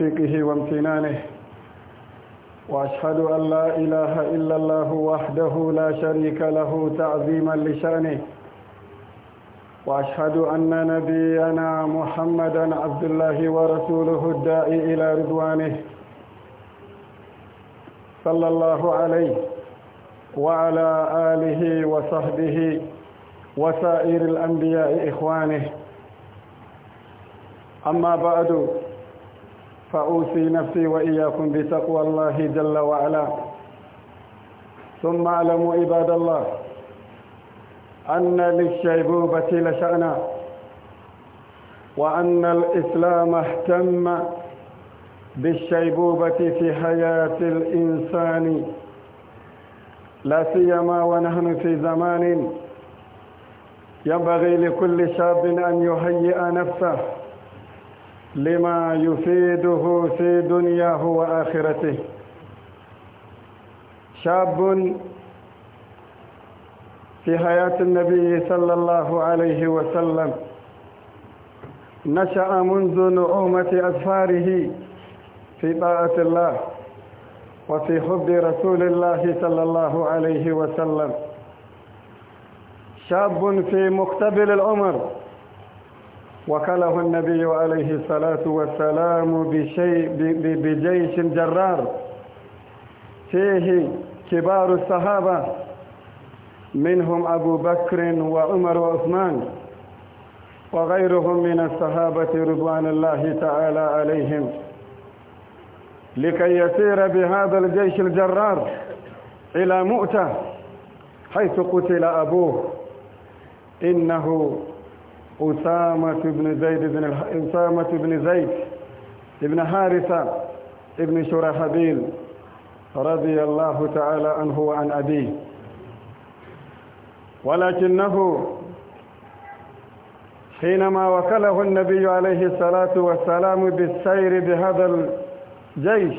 توفيقه وامتنانه وأشهد أن لا إله إلا الله وحده لا شريك له تعظيما لشأنه وأشهد أن نبينا محمدا عبد الله ورسوله الداعي إلى رضوانه صلى الله عليه وعلى آله وصحبه وسائر الأنبياء إخوانه أما بعد فأوصي نفسي وإياكم بتقوى الله جل وعلا ثم اعلموا عباد الله أن للشيبوبة لشأنا وأن الإسلام اهتم بالشيبوبة في حياة الإنسان لا سيما ونحن في زمان ينبغي لكل شاب أن يهيئ نفسه لما يفيده في دنياه وآخرته شاب في حياة النبي صلى الله عليه وسلم نشأ منذ نعومة أظفاره في طاعة الله وفي حب رسول الله صلى الله عليه وسلم شاب في مقتبل العمر وكله النبي عليه الصلاة والسلام بشيء بجيش جرار فيه كبار الصحابة منهم أبو بكر وعمر وعثمان وغيرهم من الصحابة رضوان الله تعالى عليهم لكي يسير بهذا الجيش الجرار إلى مؤتة حيث قتل أبوه إنه أسامة بن زيد بن أسامة بن زيد بن حارثة بن شرحبيل رضي الله تعالى عنه وعن أبيه ولكنه حينما وكله النبي عليه الصلاة والسلام بالسير بهذا الجيش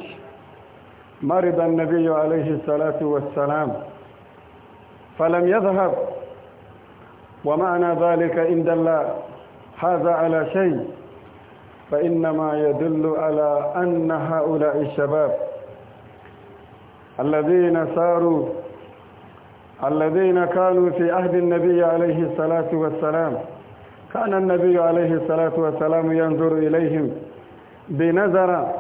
مرض النبي عليه الصلاة والسلام فلم يذهب ومعنى ذلك إن دل هذا على شيء فإنما يدل على أن هؤلاء الشباب الذين ساروا الذين كانوا في عهد النبي عليه الصلاة والسلام كان النبي عليه الصلاة والسلام ينظر إليهم بنظرة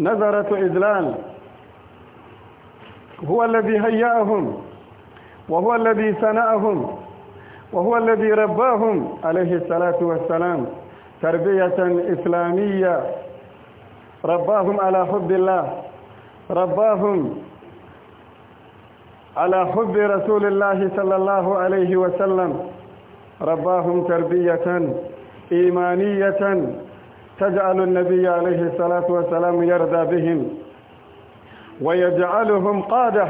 نظرة إذلال هو الذي هيأهم وهو الذي سنأهم وهو الذي رباهم عليه الصلاة والسلام تربية إسلامية رباهم على حب الله رباهم على حب رسول الله صلى الله عليه وسلم رباهم تربية إيمانية تجعل النبي عليه الصلاة والسلام يرضى بهم ويجعلهم قادة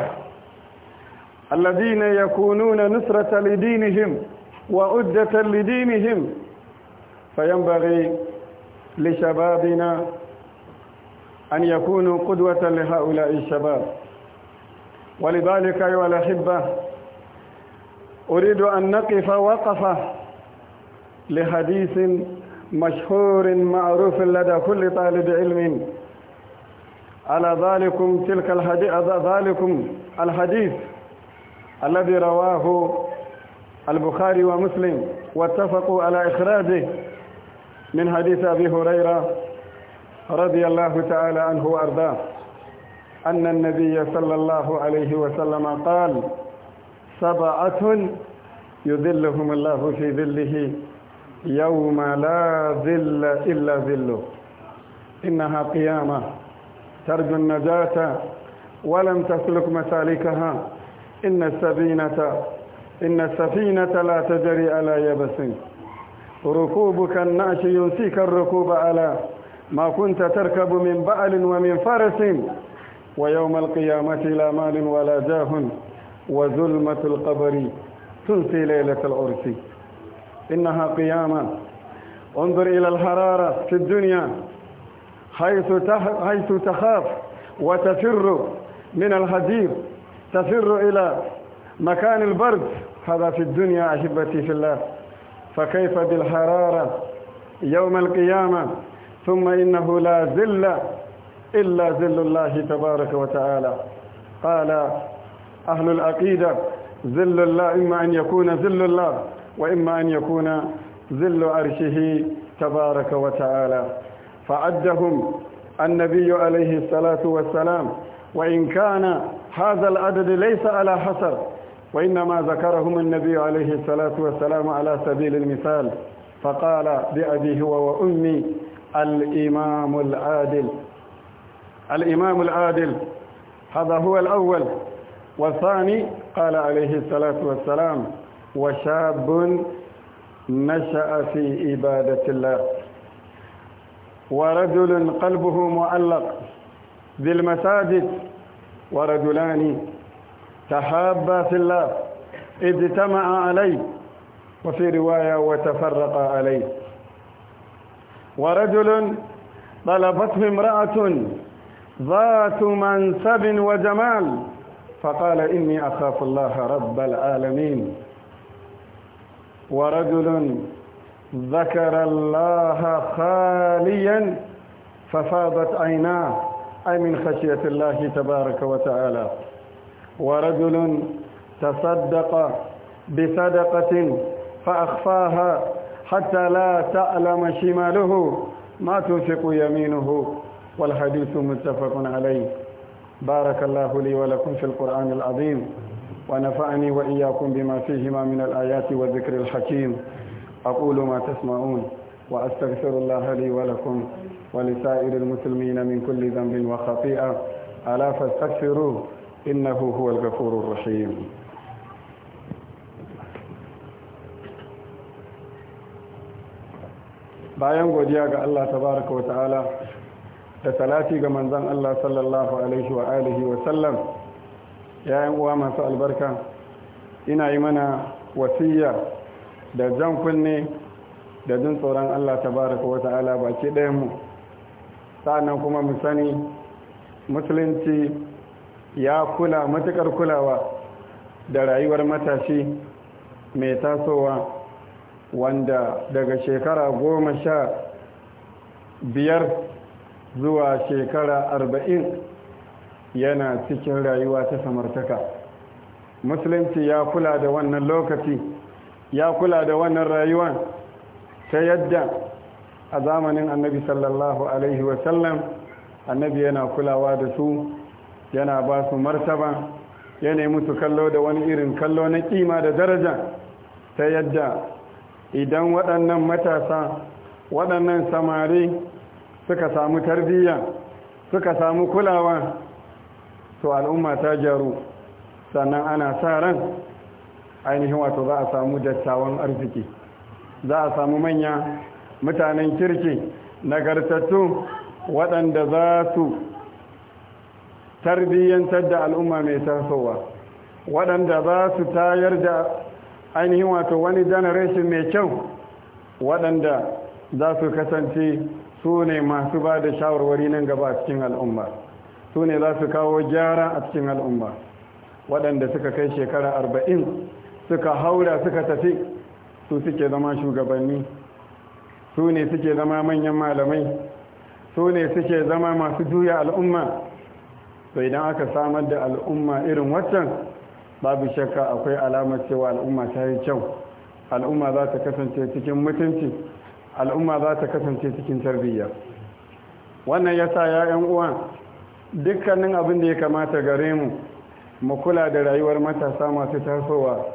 الذين يكونون نصرة لدينهم وأدة لدينهم فينبغي لشبابنا أن يكونوا قدوة لهؤلاء الشباب ولذلك أيها الأحبة أريد أن نقف وقفة لحديث مشهور معروف لدى كل طالب علم على ذلكم تلك الحديث ذلكم الحديث الذي رواه البخاري ومسلم واتفقوا على إخراجه من حديث أبي هريرة رضي الله تعالى عنه وأرضاه أن النبي صلى الله عليه وسلم قال سبعة يذلهم الله في ذله يوم لا ذل إلا ذله إنها قيامة ترجو النجاة ولم تسلك مسالكها إن السفينة إن السفينة لا تجري على يبس ركوبك النعش ينسيك الركوب على ما كنت تركب من بعل ومن فرس ويوم القيامة لا مال ولا جاه وظلمة القبر تنسي ليلة العرس إنها قيامة انظر إلى الحرارة في الدنيا حيث حيث تخاف وتفر من الحديث تفر إلى مكان البرد هذا في الدنيا أحبتي في الله فكيف بالحرارة يوم القيامة ثم إنه لا زل إلا زل الله تبارك وتعالى قال أهل العقيدة زل الله إما أن يكون زل الله وإما أن يكون زل عرشه تبارك وتعالى فعدهم النبي عليه الصلاة والسلام وإن كان هذا العدد ليس على حسر وإنما ذكرهم النبي عليه الصلاة والسلام على سبيل المثال فقال بأبي هو وأمي الإمام العادل الإمام العادل هذا هو الأول والثاني قال عليه الصلاة والسلام وشاب نشأ في عبادة الله ورجل قلبه معلق بالمساجد ورجلان تحابا في الله اجتمعا عليه وفي رواية وتفرقا عليه ورجل طلبته امرأة ذات منسب وجمال فقال إني أخاف الله رب العالمين ورجل ذكر الله خاليا ففاضت عيناه أي من خشية الله تبارك وتعالى ورجل تصدق بصدقة فأخفاها حتى لا تعلم شماله ما تنفق يمينه والحديث متفق عليه بارك الله لي ولكم في القرآن العظيم ونفعني وإياكم بما فيهما من الآيات والذكر الحكيم أقول ما تسمعون وأستغفر الله لي ولكم ولسائر المسلمين من كل ذنب وخطيئة ألا فاستغفروه إنه هو الغفور الرحيم bayan godiya ga Allah tabaraka wa ta'ala da talati ga manzon Allah sallallahu alaihi wa alihi wa sallam yayin uwa masu albarka ina yi mana wasiya da jan kunne da jin tsoron Allah ta tabaraka wa ta'ala baki ɗayan mu sa'annan kuma mu sani musulunci ya kula matukar kulawa da rayuwar matashi mai tasowa wanda daga shekara goma sha biyar zuwa shekara arba'in yana cikin rayuwa ta samartaka musulunci ya kula da wannan lokaci ya kula da wannan rayuwan ta yadda a zamanin annabi sallallahu alaihi wasallam annabi yana kulawa da su yana ba su martaba yana musu kallo da wani irin kallo na kima da daraja ta yadda idan waɗannan matasa waɗannan samari suka samu tarbiyya suka samu kulawa to al'umma ta jaru sannan ana sa ran ainihin wato za a samu dattawan arziki za a samu manya mutanen kirki nagartattu waɗanda za su tarbiyyantar da al'umma mai tasowa waɗanda za su tayar da ainihin wato wani generation mai kyau waɗanda za su kasance su ne masu ba da shawarwari nan gaba a cikin al'umma su ne za su kawo gyara a cikin al'umma waɗanda suka kai shekara arba'in suka haura suka tafi su suke zama shugabanni su ne suke zama manyan malamai su ne suke zama masu juya al'umma to idan aka samar da al'umma irin waccan babu shakka akwai alamar cewa al'umma ta yi kyau al'umma za ta kasance cikin mutunci al'umma za ta kasance cikin tarbiyya wannan ya sa ya'yan uwa dukkanin abin da ya kamata gare mu mu kula da rayuwar matasa masu tasowa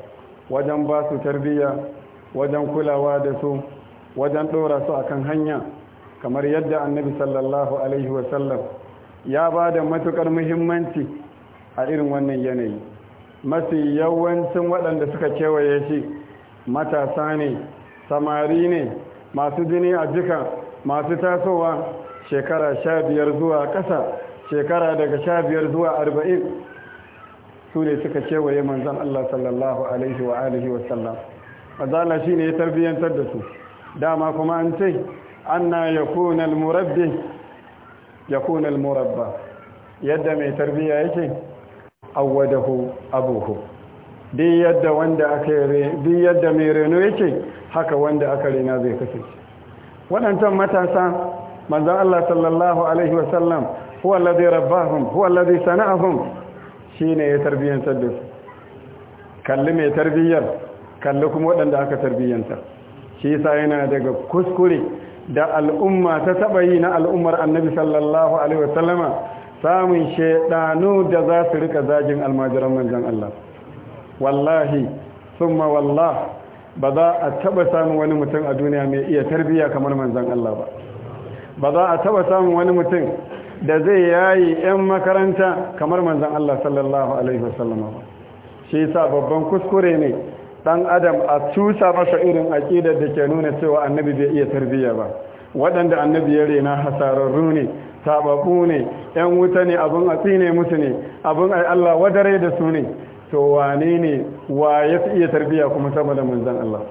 wajen ba su tarbiyya wajen kulawa da su wajen ɗora su akan hanya kamar yadda annabi sallallahu alaihi wasallam ya ba da matukar muhimmanci a irin wannan yanayi masu yawancin waɗanda suka kewaye shi matasa ne samari ne masu jini a jika masu tasowa shekara sha biyar zuwa ƙasa shekara daga sha biyar zuwa arba'in su ne suka kewaye manzan allah sallallahu alaihi wa alihi wasallam fazala shi ne ya tarbiyyantar da su dama kuma an ce anna ya kunal murabbi ya kunal murabba yadda mai tarbiyya yake awwadahu abuhu duk yadda wanda aka duk yadda mai reno yake haka wanda aka rena zai kasance waɗancan matasa manzon Allah sallallahu alaihi wasallam huwa alladhi rabbahum huwa alladhi sana'ahum shine ya tarbiyyantar da su kalli mai tarbiyyar kalli kuma waɗanda aka tarbiyyanta shi sa yana daga kuskure da al'umma ta taɓa yi na al'ummar annabi sallallahu alaihi wasallama samun shaidanu da za su rika zagin almajiran manzan Allah wallahi summa wallah ba za a taɓa samun wani mutum a duniya mai iya tarbiyya kamar manzan Allah ba ba za a taɓa samun wani mutum da zai yayi 'yan makaranta kamar manzan Allah sallallahu alaihi wasallama ba shi sa babban kuskure ne dan adam a cusa masa irin aƙidar da ke nuna cewa annabi bai iya tarbiyya ba waɗanda annabi ya rena hasararru ne sababu ne yan wuta ne abin a tsine musu ne abin ai Allah wadare da su ne to wane ne wa ya fi iya tarbiyya kuma sama da manzan Allah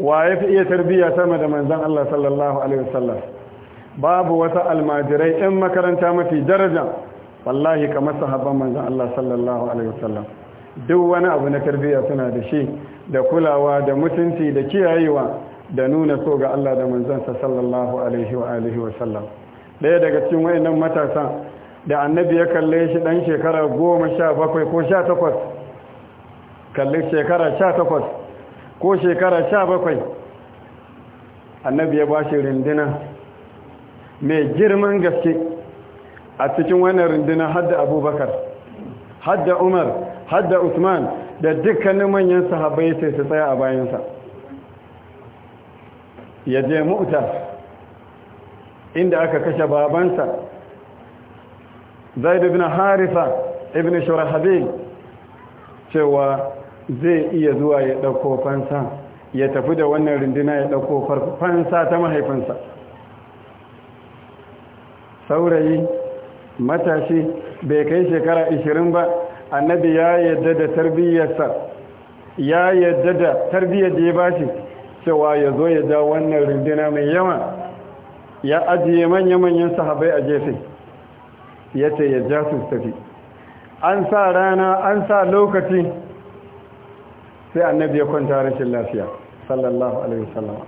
wa ya fi iya tarbiyya sama da manzan Allah sallallahu alaihi wasallam babu wata almajirai yan makaranta mafi daraja wallahi kamar sahabban manzan Allah sallallahu alaihi wasallam duk wani abu na tarbiyya suna da shi da kulawa da mutunci da kiyayewa da nuna so ga Allah da manzansa sallallahu alaihi wa alihi wa sallam daya daga cikin wayannan matasa da annabi ya kalle shi dan shekara 17 ko 18 kalle shekara 18 ko shekara 17 annabi ya bashi rindina mai girman gaske a cikin wannan rindina hadda abubakar hadda umar Hadda usman da dukkanin manyan sahabbai sai su tsaya a bayansa ya je mu'ta inda aka kashe babansa zaid ibn harisa ibn shurahabil cewa zai iya zuwa ya ɗauko fansa ya tafi da wannan runduna ya ɗauko fansa ta mahaifinsa saurayi matashi bai kai shekara 20 ba annabi ya yadda da tarbiyyarsa ya yadda da tarbiyyar da ya bashi cewa ya zo ya ja wannan rundina mai yawa ya ajiye manya-manyan sahabai a jefe ya ce ya ja su tafi an sa rana an sa lokaci sai annabi ya kwanta rashin lafiya sallallahu alaihi wasallam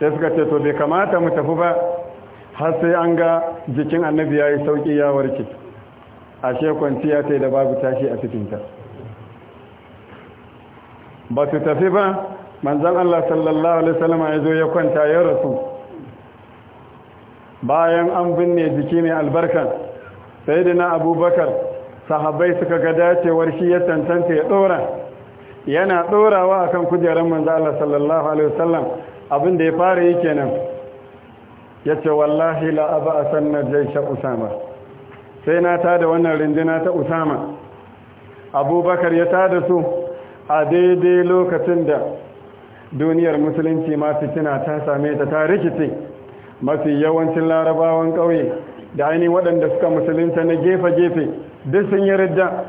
sai suka ce to bai kamata mu tafi ba har sai an ga jikin annabi ya yi sauki ya warke ashe kwanciya ta da babu tashi a cikinta ba su tafi ba manzan Allah sallallahu alaihi wasallam ya zo ya kwanta ya rasu bayan an binne jiki mai albarka na abubakar sahabai suka ga dacewar shi ya tantance ya dora yana dorawa kan kujerar manzan Allah sallallahu alaihi wasallam abin da ya fara yi kenan ce wallahi la'aba a asanna jai usama sai na da wannan rinjina ta usama abubakar ya tada su a daidai lokacin da duniyar musulunci masu kina ta same ta ta rikice mafi yawancin larabawan ƙauye da ainihin waɗanda suka musulunta na gefe-gefe duk sun yi rijja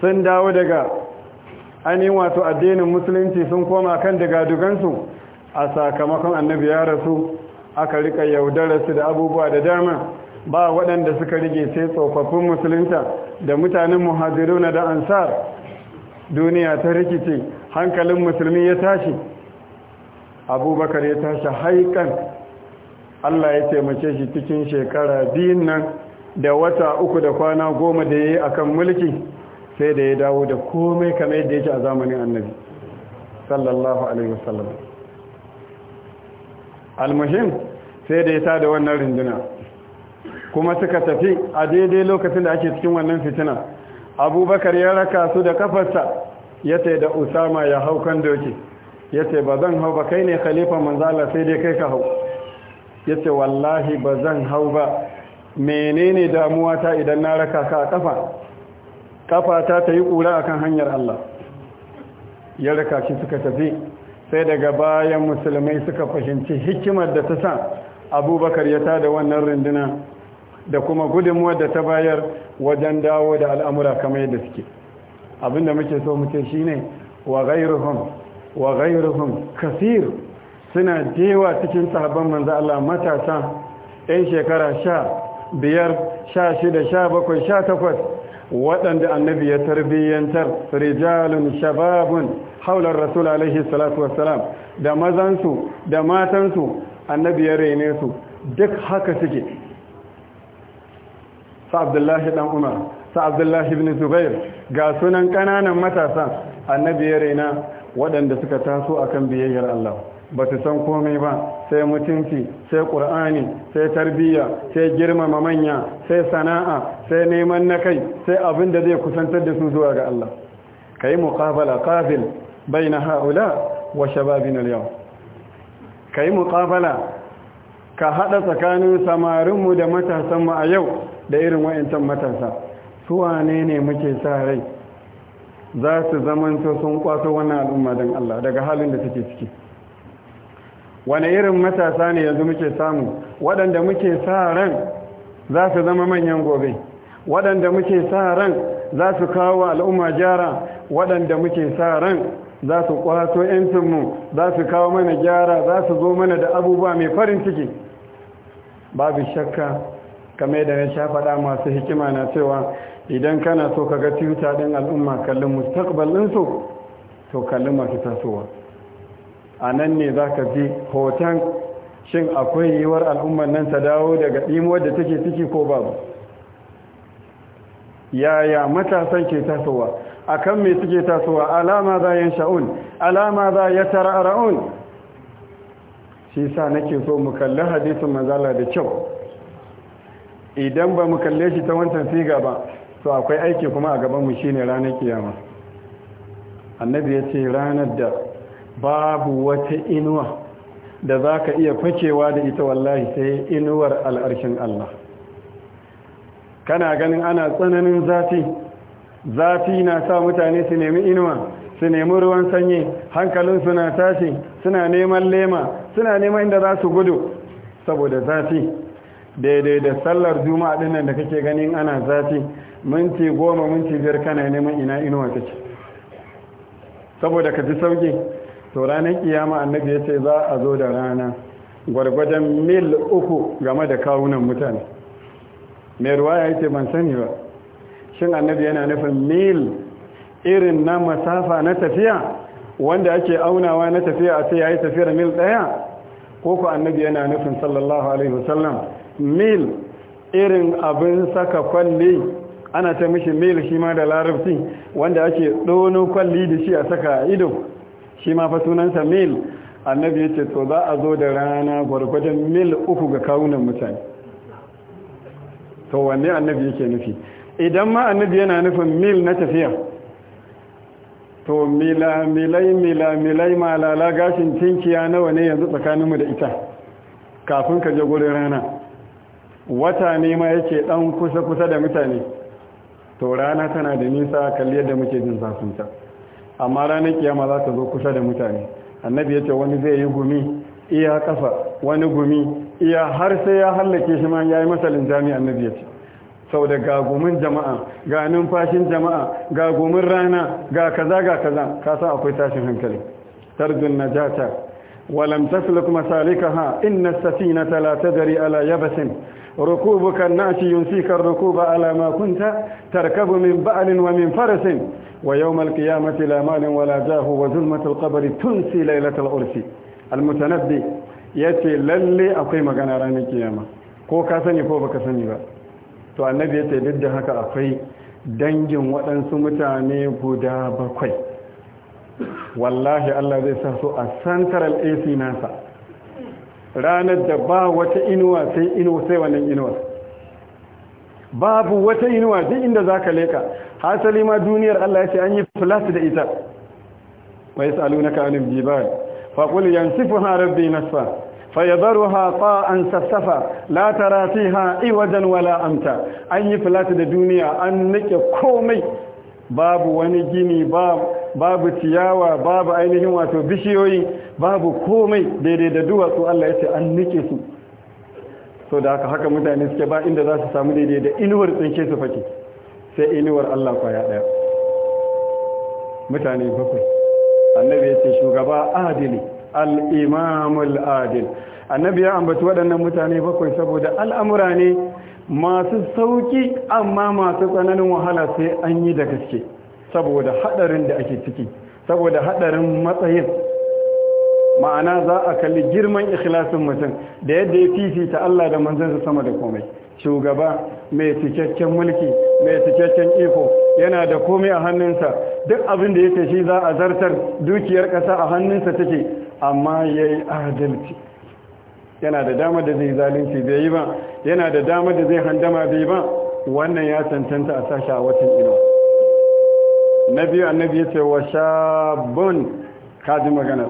sun dawo daga ainihin wato addinin musulunci sun koma kan daga dugansu a sakamakon annabi ya rasu aka rika yaudararsu da abubuwa da dama ba waɗanda suka rige sai tsofaffin musulunta da mutanen muhajiruna da ansar duniya ta rikice hankalin musulmi ya tashi abubakar ya tashi haikan allah ya taimake shi cikin shekara biyun nan da wata uku da kwana goma da ya yi akan mulki sai da ya dawo da komai kamar yadda yake a zamanin annabi sallallahu alaihi wasallam almuhim sai da ya da wannan rinduna kuma suka tafi a daidai lokacin da ake cikin wannan fitina abubakar ya raka su da kafarsa ya ce da usama ya hau kan doki ya ce ba zan hau ba kai ne khalifa manzala sai dai kai ka hau ya ce wallahi ba zan hau ba menene damuwa ta idan na raka ka a kafa kafa ta ta yi kura akan hanyar Allah ya raka shi suka tafi sai daga bayan musulmai suka fahimci hikimar da ta sa abubakar ya tada wannan runduna da kuma gudunmuwar da ta bayar wajen dawo da al'amura kamar yadda suke abinda muke so muke shine wa gairuhun wa gairuhun kasir suna dewa cikin sahabban manzan Allah matasa 'yan shekara sha biyar sha shida sha bakwai sha takwas waɗanda annabi ya tarbiyyantar rijalun shababun haular rasul alaihi salatu wassalam da mazansu da matansu annabi ya raine su duk haka suke sa'adullahi abdullahi umar sa'adullahi abdullahi ibn zubair ga sunan ƙananan matasa annabi ya raina waɗanda suka taso a kan biyayyar Allah ba su san komai ba sai mutunci sai ƙur'ani sai tarbiyya sai girmama manya sai sana'a sai neman na kai sai abin da zai kusantar da su zuwa ga Allah ka yi muƙabala ƙafil bai na ha'ula wa shababin al-yau ka yi muƙabala ka haɗa tsakanin samarinmu da matasanmu a yau da irin wa'intan matasa su wane ne muke sa rai za su zamanta sun kwaso wannan al'umma don Allah daga halin da suke ciki wane irin matasa ne yanzu muke samu waɗanda muke sa ran za su zama manyan gobe waɗanda muke sa ran za su kawo al'umma jara waɗanda muke sa ran za su ƙwato 'yancinmu za su kawo mana gyara za su zo mana da abubuwa mai farin ciki babu shakka kame da ya sha faɗa masu hikima na cewa idan kana so ka ga tuta ɗin al'umma kallon mustaqbalinsu to kallon masu tasowa a nan ne za ka fi hoton shin akwai yiwuwar al'umman nan ta dawo daga ɗimuwar da take ciki ko babu yaya matasan ke tasowa akan me suke tasowa alama za yin sha'un alama za ya tara'ra'un shi sa nake so mu kalli hadisin mazala da kyau idan ba mu kalle shi ta wancan siga ba to akwai aiki kuma a gabanmu mu shine ranar kiyama annabi ya ce ranar da babu wata inuwa da za ka iya fakewa da ita wallahi sai inuwar al'arshin Allah kana ganin ana tsananin zafi zafi na sa mutane su nemi inuwa su nemi ruwan sanyi hankalin suna tashi suna neman lema suna neman inda za su gudu saboda zafi daidai da sallar juma'a dinnan da kake ganin ana zafi minti goma minti biyar kana neman ina inuwa ce saboda ka ji sauki to ranar kiyama annabi ya ce za a zo da rana gwargwadon mil uku game da kawunan mutane mai ruwa ya ce ban sani ba shin annabi yana nufin mil irin na masafa na tafiya wanda ake aunawa na tafiya a sai ya yi tafiyar mil ɗaya ko ku annabi yana nufin sallallahu alaihi wasallam mil irin abin saka kwalli ana ta mishi mil shi ma da larabci wanda ake ɗono kwalli da shi a saka ido shi ma fa mil annabi ya to za a zo da rana gwargwajen mil uku ga kawunan mutane to wanne annabi yake nufi idan ma annabi yana nufin mil na tafiya to mila milai mila milai malala gashin tinkiya nawa ne yanzu tsakaninmu da ita kafin ka je gurin rana wata ne yake dan kusa kusa da mutane to rana tana da nisa kalli yadda muke jin zafinta amma ranar kiyama za ta zo kusa da mutane annabi ya ce wani zai yi gumi iya kafa wani gumi iya har sai ya hallake shi ma ya yi masalin jami'an annabi ya ce sau da gagumin jama'a ga numfashin jama'a gagumin rana ga kaza ga kaza kasan akwai tashin hankali tarjun najata walam tasluk masalikaha inna as-safinata la tadri ala yabasin rukubuka an-nasi yunsika ar-rukuba ala ma kunta tarkabu min ba'lin wa farasin wa yawm al-qiyamati la malin wa la jahu wa zulmatu al-qabr tunsi laylatal ursi yace lalle akwai magana ranar kiyama ko ka sani ko baka sani ba. to annabi ya ce duk da haka akwai dangin waɗansu mutane guda bakwai wallahi Allah zai sa su a central AC nasa ranar da ba wata inuwa sai inuwa sai wannan inuwa babu wata inuwa duk inda zaka leka hasali ma duniyar Allah ya ce an yi flat da ita wa yasalunaka anil jibal fa qul yansifuha rabbi nasfa فيذرها طاء سفسفا لا ترى ha عوجا ولا امتا an yi filata da duniya an nake komai babu wani gini babu ciyawa babu ainihin wato bishiyoyi babu komai daidai da duwatsu Allah ya ce an nake su so da haka haka mutane suke ba inda za su samu daidai da inuwar tsinke su fake sai inuwar Allah kwaya daya mutane bakwai annabi ya ce shugaba adili al'imamul adil annabi ya ambaci waɗannan mutane bakwai saboda al'amura ne masu sauƙi amma masu tsananin wahala sai an yi da gaske saboda haɗarin da ake ciki saboda haɗarin matsayin ma'ana za a kalli girman ikhlasin mutum da yadda ya fifita Allah da manzansa sama da komai shugaba mai cikakken mulki mai cikakken iko yana da komai a hannunsa duk abin da yake shi za a zartar dukiyar ƙasa a hannunsa take amma ya yi adalci yana da dama da zai zalunci bai yi ba yana da dama da zai handama bai ba wannan ya cancanta a sashi a watan ino na biyu annabi ya ce wa shabun kaji magana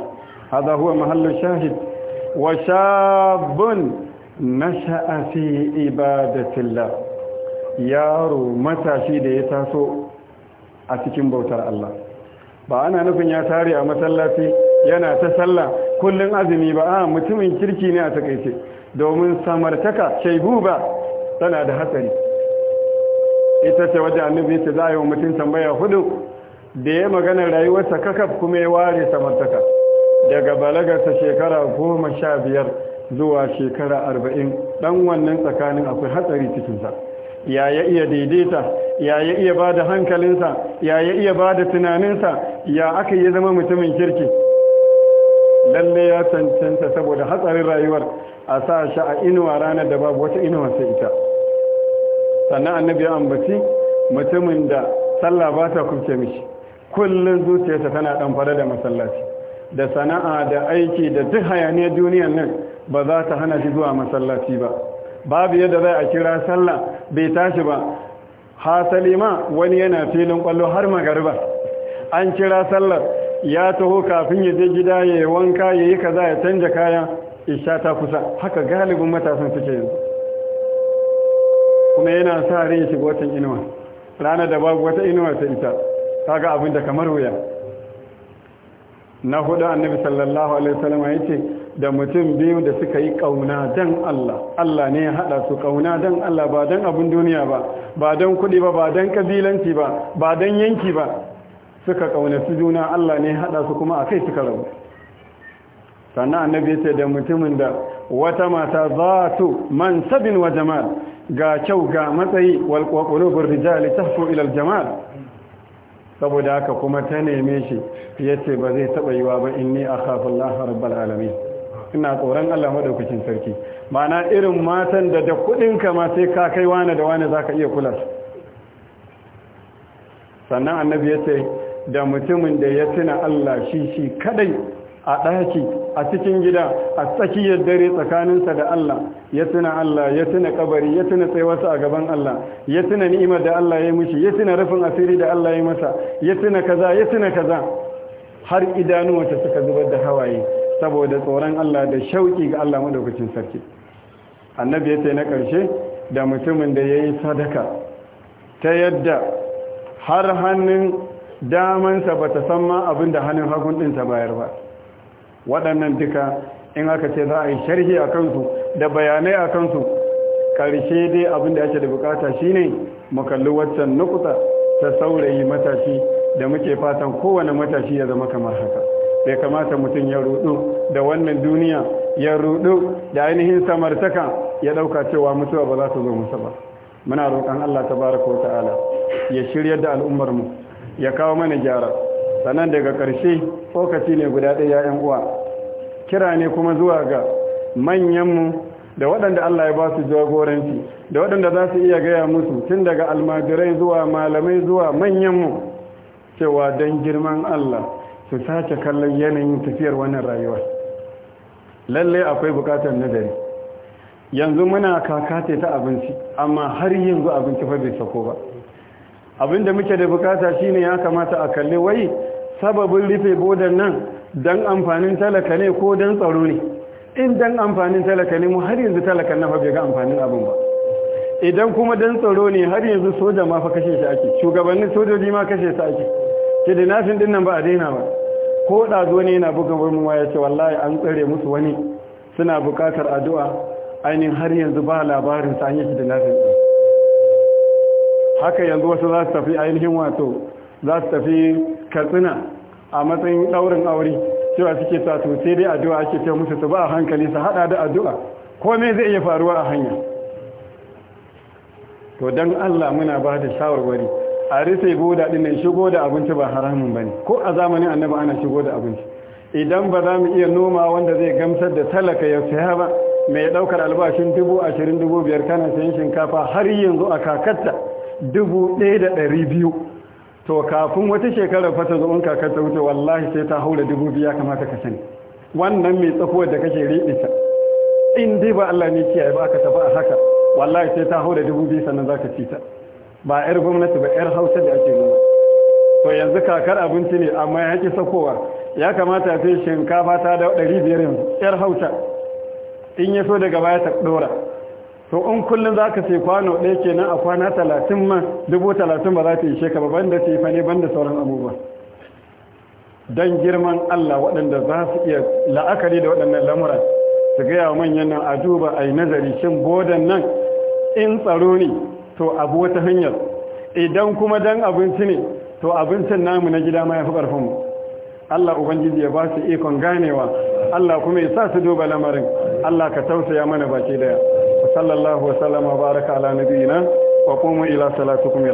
haza huwa mahallin shahid wa shabun nasha'a fi ibadatillah yaro matashi da ya taso a cikin bautar Allah ba ana nufin ya tare a masallaci yana ta sallah kullun azumi ba a mutumin kirki ne a takaice domin samartaka shaibu ba tana da hatsari ita ce wajen annabi ta za a yi wa mutum tambaya hudu da ya magana rayuwarsa kakaf kuma ya ware samartaka daga balagarsa shekara goma sha biyar zuwa shekara arba'in dan wannan tsakanin akwai hatsari cikinsa ya ya iya daidaita ya ya iya ba da hankalinsa ya ya iya ba da tunaninsa ya aka yi zama mutumin kirki lalle ya cancanta saboda hatsarin rayuwar a sa shi a inuwa ranar da babu wata inuwa sai ita sannan annabi ya ambaci mutumin da sallah ba ta kubce mishi kullum zuciyarsa tana dan fara da masallaci da sana'a da aiki da duk hayaniyar duniyar nan ba za ta hana shi zuwa masallaci ba babu yadda zai a kira sallah bai tashi ba hasali ma wani yana filin kwallo har magariba an kira sallar ya taho kafin ya je gida ya yi wanka ya yi kaza ya canja kaya isha ta kusa haka galibin matasan suke yanzu kuma yana sa rin shiga watan inuwa ranar da babu wata inuwa ta ita kaga abin da kamar wuya na hudu annabi sallallahu alaihi wasallam ya ce da mutum biyu da suka yi kauna dan Allah Allah ne ya hada su kauna dan Allah ba dan abun duniya ba ba dan kudi ba ba dan kabilanci ba ba dan yanki ba suka su juna Allah ne ya hada su kuma akai suka rabu sannan annabi ya ce da mutumin da wata mata zatu mansabin wa jama'ar ga kyau ga matsayi wal qulubur tahfu ila al jamal saboda haka kuma ta neme shi ya ce ba zai taɓa yiwa ba in ni a kafin lahar bal'alami ina tsoron allah maɗaukacin sarki mana irin matan da da kuɗinka ma sai ka kai wane da wane za ka iya kula sannan annabi ya ce da mutumin da ya tuna allah shi shi kadai a ɗaki a cikin gida a tsakiyar dare tsakaninsa da Allah ya tuna Allah ya tuna kabari ya tuna tsayuwarsa a gaban Allah ya tuna ni'imar da Allah ya mushi ya tuna rufin asiri da Allah ya masa ya tuna kaza ya tuna kaza har idanuwarsa suka zubar da hawaye saboda tsoron Allah da shauki ga Allah madaukakin sarki annabi ya ce na karshe da mutumin da yayi sadaka ta yadda har hannun damansa ba ta san ma abin da hannun hagun ta bayar ba waɗannan duka in aka ce za a yi sharhi a kansu da bayanai a kansu ƙarshe dai abin da ake da bukata shine mu kalli waccan nukuta ta saurayi matashi da muke fatan kowane matashi ya zama kamar haka bai kamata mutum ya rudu da wannan duniya ya rudu da ainihin samartaka ya ɗauka cewa mutuwa ba za ta zo musa ba muna roƙon Allah tabaraka wa ta'ala ya shiryar da al'ummar mu ya kawo mana gyara sannan daga ƙarshe tsokaci ne guda ɗaya ‘yan uwa kira ne kuma zuwa ga manyanmu da waɗanda Allah ya ba su jagoranci da waɗanda za su iya gaya musu tun daga almajirai zuwa malamai zuwa manyanmu cewa don girman Allah su sace kallon yanayin tafiyar wannan rayuwa lallai akwai bukatar nazari yanzu muna kakate ta abinci amma har yanzu abinci fa bai sako ba abinda muke da bukata shine ya kamata a kalli wai sababin rufe bodan nan don amfanin talaka ne ko don tsaro ne in don amfanin talaka ne mu har yanzu talakan na bai ga amfanin abin ba idan kuma don tsaro ne har yanzu soja ma fa kashe shi ake shugabannin sojoji ma kashe su ake ke da nafin din nan ba a daina ba ko zo ne yana buga wurin ma ya ce wallahi an tsare musu wani suna buƙatar addu'a ainihin har yanzu ba labarin sa an yi shi da nafin haka yanzu wasu za su tafi ainihin wato za su tafi katsina a matsayin daurin aure cewa suke sa to sai dai addu'a ake ce musu su ba a hankali su hada da addu'a Ko me zai iya faruwa a hanya to dan Allah muna ba da shawarwari a rufe goda din nan shigo da abinci ba haramun bane ko a zamanin annabi ana shigo da abinci idan ba za mu iya noma wanda zai gamsar da talaka ya saya ba mai daukar albashin dubu ashirin dubu biyar kana sayan shinkafa har yanzu a kakatta dubu ɗaya da ɗari biyu to kafin wata shekarar fata zuwan kakar ta wuce wallahi sai ta haura dubu biya kamata ka sani wannan mai tsakuwar da kake riɗe ta in dai ba Allah ne kiyaye ba ka tafi a haka wallahi sai ta haura dubu biyu sannan za ka ci ta ba yar gwamnati ba yar hausa da ake nuna to yanzu kakar abinci ne amma ya ki sakowa ya kamata sai shinkafa ta da ɗari biyar yanzu yar hausa in ya so daga baya ta ɗora to in kullum za ka sai kwano ɗaya kenan a kwana talatin ma dubu talatin ba za ta yi sheka ba banda sai fa ne banda sauran abubuwa don girman Allah waɗanda za su iya la'akari da waɗannan lamura su gaya wa manyan nan a duba a yi nazari shin bodan nan in tsaro ne to abu wata hanyar idan kuma dan abinci ne to abincin namu na gida ma ya fi ƙarfinmu Allah Ubangiji ya ba su ikon ganewa Allah kuma ya sa su duba lamarin Allah ka tausaya mana baki daya sallallahu wa sallama baraka ala nabiyina wa qumu ila salatikum